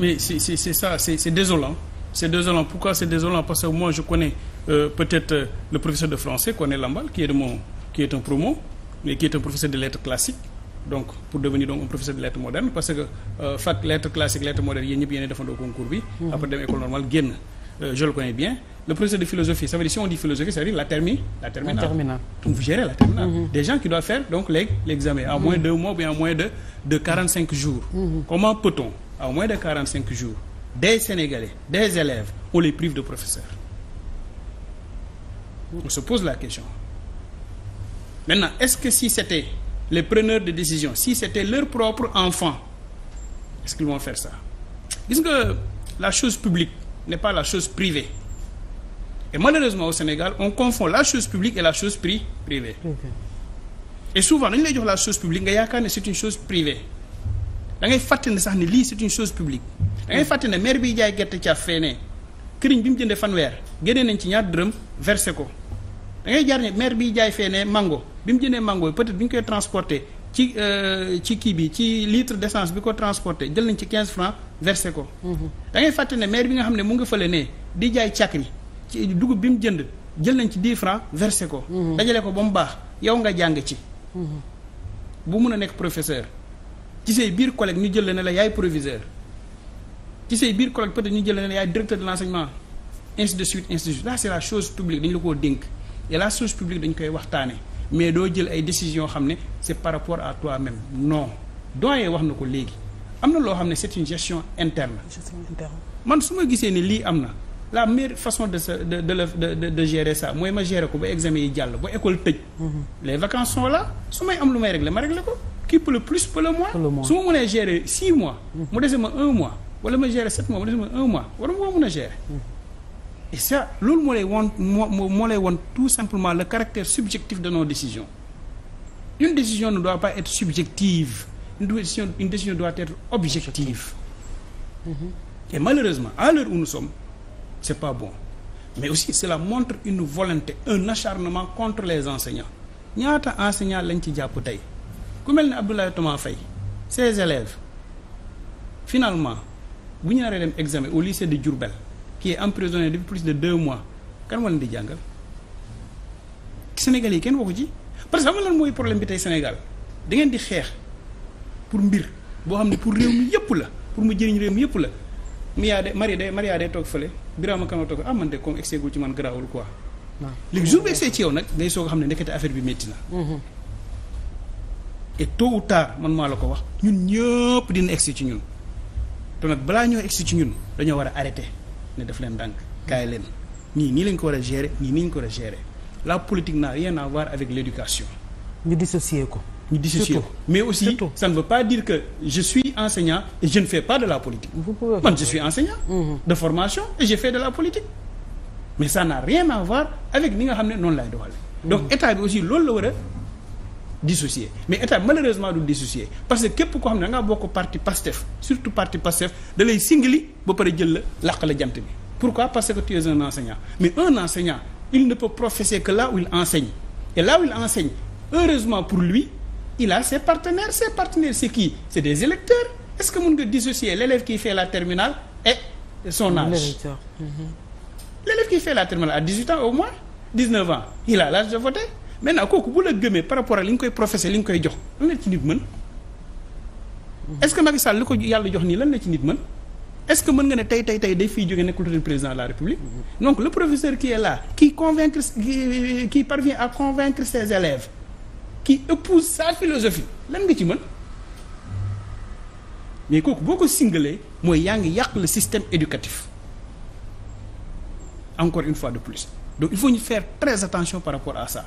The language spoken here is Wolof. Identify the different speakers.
Speaker 1: mais c'est c'est c'est désolant c'est désolant pourquoi c'est désolant parce que moi je connais euh, peut-être euh, le professeur de français connaît Lamballe qui est un promo qui est un professeur de lettres classiques donc pour devenir un professeur de lettres modernes parce que euh, fac lettres classiques lettres modernes yéen ñëpp yéen a defandoo concours bi. Mhm. après dem école normale génn. Euh, je le connais bien le professeur de philosophie ça veut dire si on ou à moins de quarante cinq jours des Sénégalais des élèves on les prive de professeurs on se pose la question maintenant est-ce que si c'était les preneur de décision si c'était leur propre enfant est-ce qu'ils vont faire ça gis nga la chose publique n'est pas la chose privée et malheureusement au Sénégal on confond la chose publique et la chose privée. Okay. et souvent dañu lay jox la chose publique nga yaakaar ne c'est une chose privée da ngay fàttali ne sax ni lii c'est une chose publique da ngay ne maire biy jaay gerte caaf fee ne këriñ bi mu jëndee fanweer génnee nañ ci ñaar dërëm versé ko da ngay jaar ne maire biy jaay fee ne mango bi mu jëndee mango peut-être bi ñu koy transporté ci euh, ci kii bi ci litre d'essence bi ko transporté jël nañ ci quinze francs versé ko. da ngay fàttali ne maire bi nga xam ne mu nga fële ne di jaay càkkri ci dugub bi mu jënd jël nañ ci 10 francs versé ko. Mhm. dajale ko ba mu baax yow nga jàng ci. Mhm. bu mun a nekk professeur. ci say biir collègue ñu jël la ne la yaay proviseur ci say biir collègue peut-être ñu jël la ne la yaay directeur de l'enseignement ainsi de suite c'est la chose publique dañu la koo dénk et la chose dañu koy waxtaane mais doo jël ay décisions xam ne c'est par rapport à toi-même non doyen wax na ko léegi am na loo xam ne c'est une gestion interne man su ma gisee ni lii am na la maire façon de sa de de de de de gérer ça mooy ma gérer ko ba examen yi jàll ba école tëj. Mhm. les vacances su may am lu may régler ma régler ko. qui le plus peut le moins su ma mënee gérer six mois mu dese ma un mois wala ma gérer sept mois mu dese ma un mois war ma mën a gérer mm. et ça loolu moo lay won moo moo lay won tout simplement le caractère subjectif de nos décisions une décision ne doit pas être subjective une décision une décision doit être objective et malheureusement à l'heure où nous sommes c'est pas bon mais aussi cela montre une volonté un acharnement contre les enseignants ñaata enseignants lañ ci jàpp tey ku mel ne Abdoulaye Thomas Faye ses élèves finalement bu ñu naree dem examen au lycée de Diourbel qui est emprisonné depuis plus de deux mois kan wala di jàngal Sénégal yi kenn waxu ci parce que xam nga lan mooy problème bi tey Sénégal da ngeen di xeex pour mbir boo xam ne pour réew mi yëpp la pour mu jëriñ réew mi yëpp la Mia de Marie de Maria de toog fële Birama Kane toog ah man de comme excès gu ci man garaawul quoi. waaw ah. jour bi excès ci yow nag day soog a xam ne ndekete affaire bi métti na. Mm-hmm. et tôt ou tard man maa la ko wax ñun ñëpp dina egsi ci ñun te nag balaa ñoo egsi ci ñun dañoo war a arrêter ne def leen ndànk kaay leen nii nii lañ ko war a gérer nii nii ko war a gérer la politique n'a rien à voir avec l'éducation. ñu dissocier ko. ñu dissocier ko mais aussi Surtout. ça ne veut pas dire que je suis enseignant et je ne fais pas de la politique. man je suis enseignant. Mm-hmm. de formation et j'ai fait de la politique. mais ça n'a rien à avec ni nga xam ne noonu lay doxale mm-hmm. loolu la war a. dissocier mais état malheureusement du dissocier parce que képp koo xam ne da ngaa bokk parti pastef surtout parti pastef da lay ba pare jël la làq la jant bi pourquoi parce que tu es un enseignant mais un enseignant il ne peut professer que là où il enseigne et là où il enseigne heureusement pour lui il a ses partenaires ses partenaires c'est qui c'est des électeurs est-ce que mën nga dissocier l'élève qui fait la terminale et son âge mhm. l'élève qui fait la à 18 ans au moins 19 mais maintenant kooku bu la gëmee par rapport ak li ñu koy professé li ñu koy jox lan la ci nit mën est-ce que Macky Sall li ko yàlla jox nii lan la ci nit mën est-ce que mën nga ne tey tey tey day fiy jógee nekkul le président de la République mm-hmm. donc le professeur qui est là qui convaincre qui, qui parvient à convaincre ses élèves qui épouse sa philosophie lan nga ci mën mais kooku boo ko singalee mooy yaa ngi yàq la système éducatif encore une fois de plus d il faut ñu faire très par rapport à ça